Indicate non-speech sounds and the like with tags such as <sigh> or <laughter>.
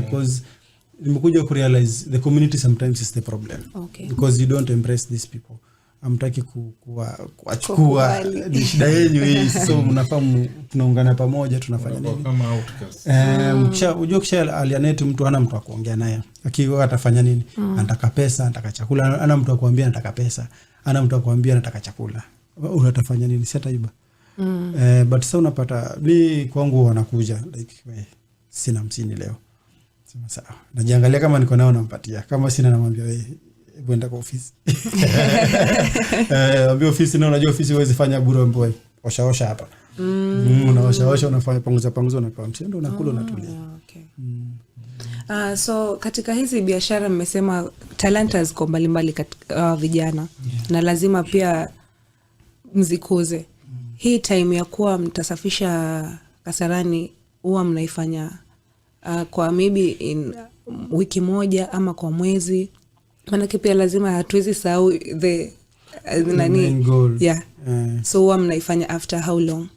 because eh, nimekuja ku realize the community sometimes is the problem okay. because you don't embrace these people amtaki kuwachukua ah, ni shida yenyu hii so <laughs> mnafaa tunaungana pamoja tunafanya nini unajua eh, kisha alianeti mtu ana mtu akuongea naye akiwa atafanya nini mm. anataka pesa anataka chakula ana mtu akuambia anataka pesa ana mtu akuambia anataka chakula unatafanya nini si ataiba mm. eh, but sa unapata mi kwangu wanakuja like sina msini leo Sema sawa. Najiangalia kama niko nao nampatia. Kama sina namwambia wewe hebu enda kwa ofisi. <laughs> Eh, ambia ofisi na unajua ofisi huwezi fanya bure ambaye osha osha hapa. Mm. Unaosha osha unafanya panguza panguza unapewa mshendo unakula ah, unatulia. oh, Okay. Mm. Uh, so katika hizi biashara mmesema talanta ziko mbalimbali katika uh, vijana yeah. Na lazima pia mzikuze. Mm. Hii time ya kuwa mtasafisha Kasarani huwa mnaifanya uh, kwa maybe in wiki moja ama kwa mwezi, maanake pia lazima hatuwezi sahau the uh, nani yeah. Yeah. So huwa mnaifanya after how long?